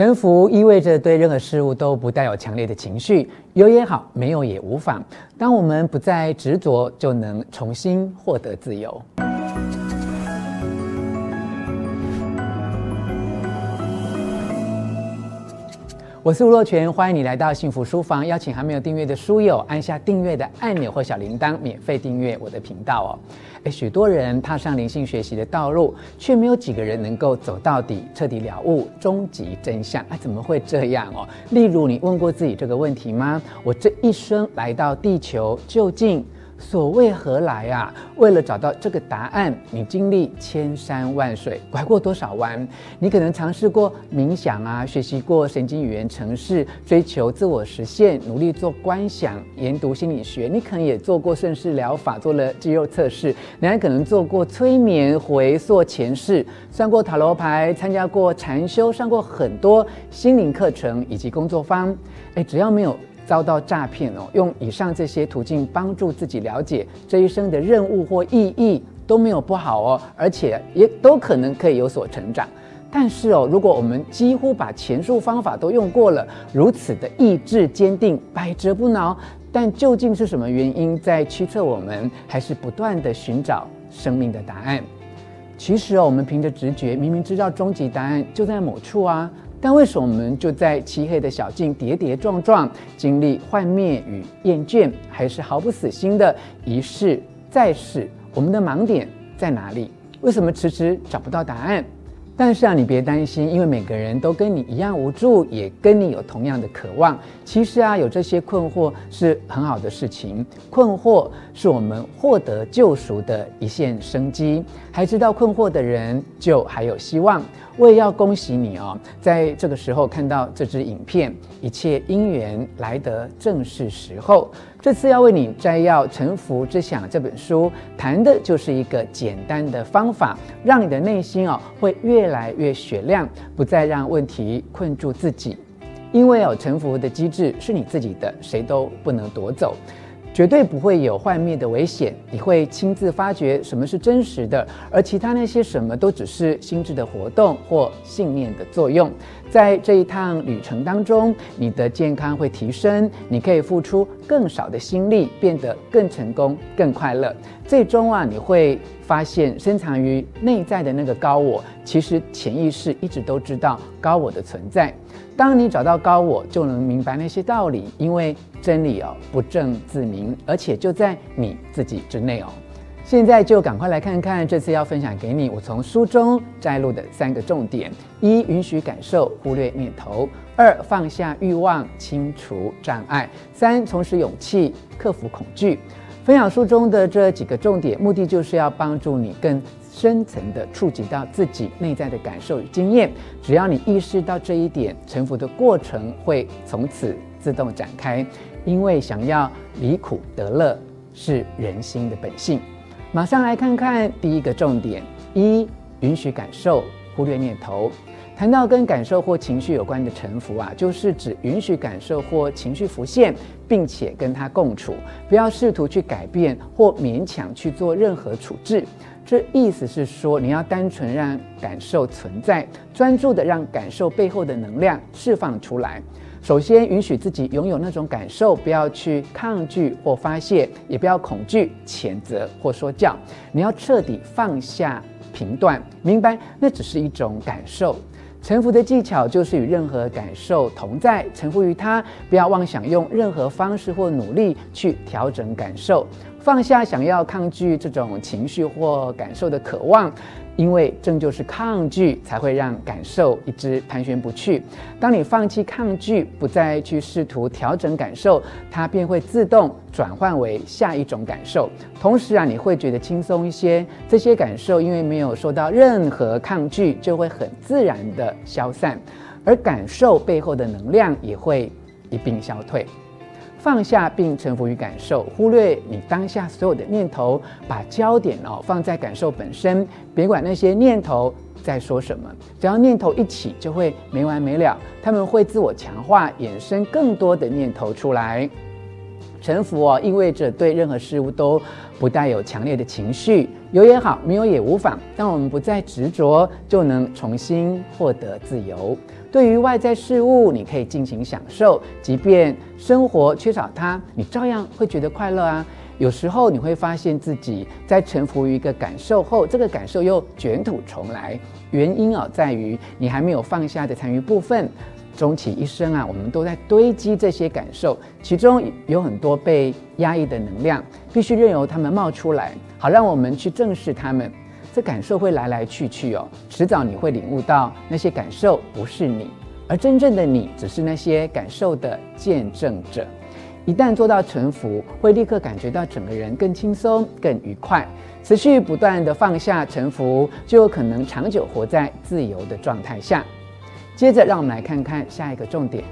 臣服意味着對任何事物都不帶有強烈的情緒，有也好，沒有也無妨。當我們不再執着，就能重新獲得自由。我是吳若權，歡迎你來到幸福書房。邀請還沒有訂閱的書友按下訂閱的按鈕或小鈴鐺，免費訂閱我的頻道哦。誒，許多人踏上靈性學習的道路，卻沒有幾個人能夠走到底，徹底了悟終極真相。哎、啊，怎麼會這樣哦？例如，你問過自己這個問題嗎？我這一生來到地球究竟？所為何來啊？為了找到這個答案，你經歷千山萬水，拐過多少彎？你可能嘗試過冥想啊，學習過神經語言程式，追求自我實現，努力做觀想，研讀心理學。你可能也做過順勢療法，做了肌肉測試，你還可能做過催眠，回溯前世，算過塔羅牌，參加過禪修，上過很多心靈課程以及工作坊。誒，只要沒有。遭到詐騙哦，用以上這些途徑幫助自己了解這一生的任務或意義都沒有不好哦，而且也都可能可以有所成長。但是哦，如果我們幾乎把前述方法都用過了，如此的意志堅定、百折不撓，但究竟是什麼原因在驅策我們，還是不斷地尋找生命的答案？其實哦，我們憑着直覺，明明知道終極答案就在某處啊。但為什麼我們就在漆黑的小徑跌跌撞撞，經歷幻滅與厭倦，還是毫不死心的，一試再試？我們的盲點在哪裡？為什麼遲遲找不到答案？但是啊，你別擔心，因為每個人都跟你一樣無助，也跟你有同樣的渴望。其實啊，有這些困惑是很好的事情，困惑是我們獲得救贖的一線生機。還知道困惑的人，就還有希望。我也要恭喜你哦，在這個時候看到這支影片，一切因緣來得正是時候。這次要為你摘要《臣服之享》這本書，談的就是一個簡單的方法，讓你的內心哦會越來越雪亮，不再讓問題困住自己。因為哦，臣服的機制是你自己的，誰都不能奪走，絕對不會有幻滅的危險。你會親自發覺什麼是真實的，而其他那些什麼都只是心智的活動或信念的作用。在這一趟旅程當中，你的健康會提升，你可以付出更少的心力，變得更成功、更快樂。最終啊，你會發現深藏於內在的那個高我，其實潛意識一直都知道高我的存在。當你找到高我，就能明白那些道理，因為真理哦，不證自明，而且就在你自己之內哦。現在就趕快來看看這次要分享給你我從書中摘錄的三個重點：一、允許感受，忽略念頭；二、放下欲望，清除障礙；三、重拾勇氣，克服恐懼。分享書中的這幾個重點，目的就是要幫助你更深層的觸及到自己內在的感受與經驗。只要你意識到這一點，臣服的過程會從此自動展開，因為想要離苦得樂是人心的本性。馬上來看看第一個重點：一，允許感受，忽略念頭。談到跟感受或情緒有關的臣服啊，就是指允許感受或情緒浮現，並且跟它共處，不要試圖去改變或勉強去做任何處置。這意思是說，你要單純讓感受存在，專注地讓感受背後的能量釋放出來。首先，允許自己擁有那種感受，不要去抗拒或發洩，也不要恐懼、譴責或說教。你要徹底放下評斷，明白那只是一種感受。臣服的技巧就是與任何感受同在，臣服於它，不要妄想用任何方式或努力去調整感受。放下想要抗拒這種情緒或感受的渴望，因為正就是抗拒，才會讓感受一直盤旋不去。當你放棄抗拒，不再去試圖調整感受，它便會自動轉換為下一種感受。同時啊，你會覺得輕鬆一些。這些感受因為沒有受到任何抗拒，就會很自然的消散，而感受背後的能量也會一併消退。放下並臣服於感受，忽略你當下所有的念頭，把焦點哦放在感受本身，別管那些念頭在說什麼。只要念頭一起，就會沒完沒了，他們會自我強化，衍生更多的念頭出來。臣服哦，意味着對任何事物都不帶有強烈的情緒，有也好，沒有也無妨。當我們不再執着，就能重新獲得自由。對於外在事物，你可以盡情享受，即便生活缺少它，你照樣會覺得快樂啊。有時候你會發現自己在臣服於一個感受後，這個感受又捲土重來，原因啊在於你還沒有放下的殘餘部分。終其一生啊，我們都在堆積這些感受，其中有很多被壓抑的能量，必須任由它們冒出來，好讓我們去正視它們。這感受會來來去去哦，遲早你會領悟到，那些感受不是你，而真正的你只是那些感受的見證者。一旦做到臣服，會立刻感覺到整個人更輕鬆、更愉快。持續不斷的放下、臣服，就有可能長久活在自由的狀態下。接着，讓我們來看看下一個重點。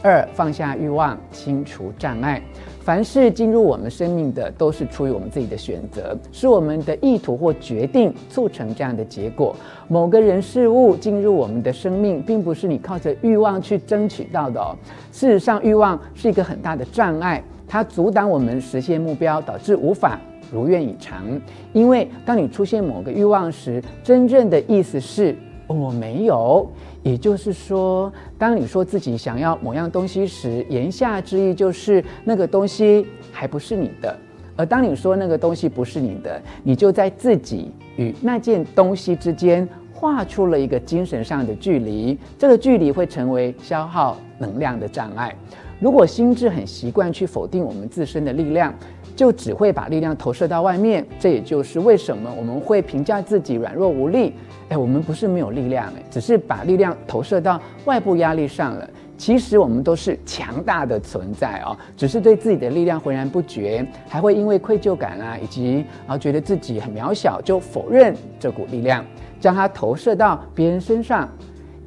二、放下欲望，清除障礙。凡是進入我們生命的，都是出於我們自己的選擇，是我們的意圖或決定促成這樣的結果。某個人事物進入我們的生命，並不是你靠着欲望去爭取到的哦。事實上，欲望是一個很大的障礙，它阻擋我們實現目標，導致無法如願以償。因為當你出現某個欲望時，真正的意思是。我、哦、沒有，也就是說，當你說自己想要某樣東西時，言下之意就是那個東西還不是你的。而當你說那個東西不是你的，你就在自己與那件東西之間畫出了一個精神上的距離，這個距離會成為消耗能量的障礙。如果心智很習慣去否定我們自身的力量，就只會把力量投射到外面。這也就是為什麼我們會評價自己軟弱無力。哎，我們不是沒有力量誒，只是把力量投射到外部壓力上了。其實我們都是強大的存在哦，只是對自己的力量渾然不覺，還會因為愧疚感啊，以及啊，覺得自己很渺小，就否認這股力量，將它投射到別人身上。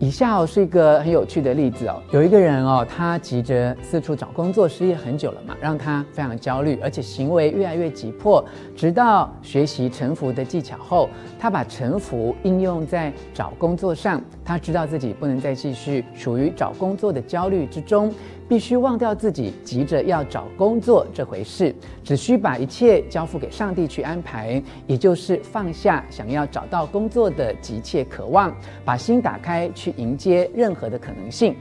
以下哦是一個很有趣的例子哦，有一個人哦，他急着四處找工作，失業很久了嘛，讓他非常焦慮，而且行為越來越急迫，直到學習臣服的技巧後，他把臣服應用在找工作上，他知道自己不能再繼續處於找工作的焦慮之中。必須忘掉自己急着要找工作這回事，只需把一切交付給上帝去安排，也就是放下想要找到工作的急切渴望，把心打開去迎接任何的可能性。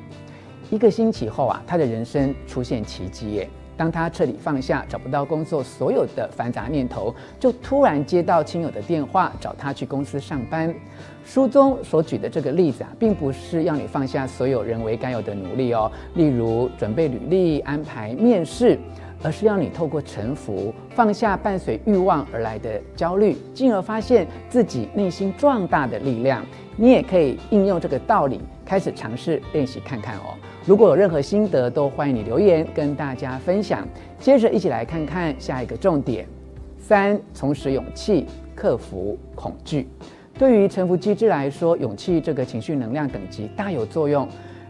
一個星期後啊，他的人生出現奇蹟耶。當他徹底放下找不到工作所有的繁雜念頭，就突然接到親友的電話，找他去公司上班。書中所舉的這個例子啊，並不是要你放下所有人為該有的努力哦，例如準備履歷、安排面試，而是要你透過臣服，放下伴隨慾望而來的焦慮，進而發現自己內心壯大的力量。你也可以應用這個道理，開始嘗試練習看看哦。如果有任何心得，都歡迎你留言跟大家分享。接着一起來看看下一個重點：三，重拾勇氣，克服恐懼。對於臣服機制來說，勇氣這個情緒能量等級大有作用。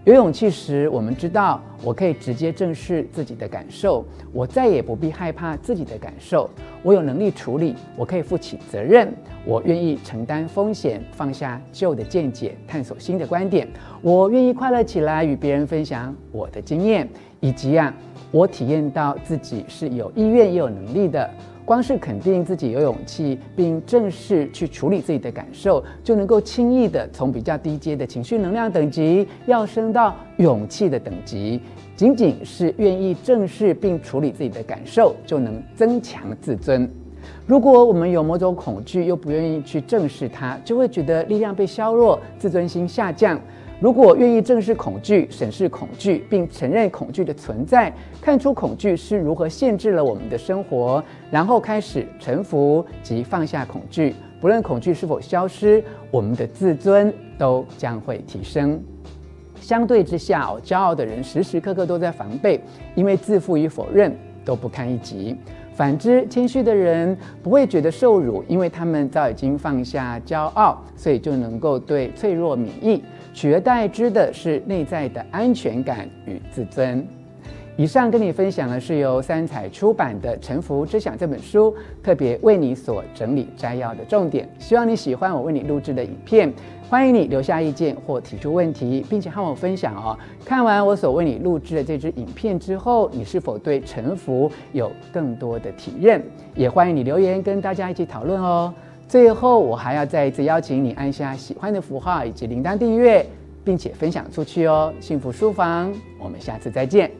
有勇氣時，我們知道我可以直接正視自己的感受，我再也不必害怕自己的感受，我有能力處理，我可以負起責任，我願意承擔風險，放下舊的見解，探索新的觀點，我願意快樂起來，與別人分享我的經驗，以及啊，我體驗到自己是有意願也有能力的。光是肯定自己有勇氣，並正視去處理自己的感受，就能夠輕易地從比較低階的情緒能量等級，要升到勇氣的等級。僅僅是願意正視並處理自己的感受，就能增強自尊。如果我們有某種恐懼，又不願意去正視它，就會覺得力量被削弱，自尊心下降。如果願意正視恐懼、審視恐懼，並承認恐懼的存在，看出恐懼是如何限制了我們的生活，然後開始臣服及放下恐懼，不論恐懼是否消失，我們的自尊都將會提升。相對之下，哦、驕傲的人時時刻刻都在防備，因為自負與否認都不堪一擊。反之，謙虛的人不會覺得受辱，因為他們早已經放下驕傲，所以就能夠對脆弱免疫。取而代之的是內在的安全感與自尊。以上跟你分享的是由三采出版的《臣服之享》這本書，特別為你所整理摘要的重點。希望你喜歡我為你錄制的影片，歡迎你留下意見或提出問題，並且和我分享哦。看完我所為你錄制的這支影片之後，你是否對臣服有更多的體認？也歡迎你留言跟大家一起討論哦。最後，我還要再一次邀請你按下喜歡的符號以及鈴鐺訂閱，並且分享出去哦。幸福書房，我們下次再見。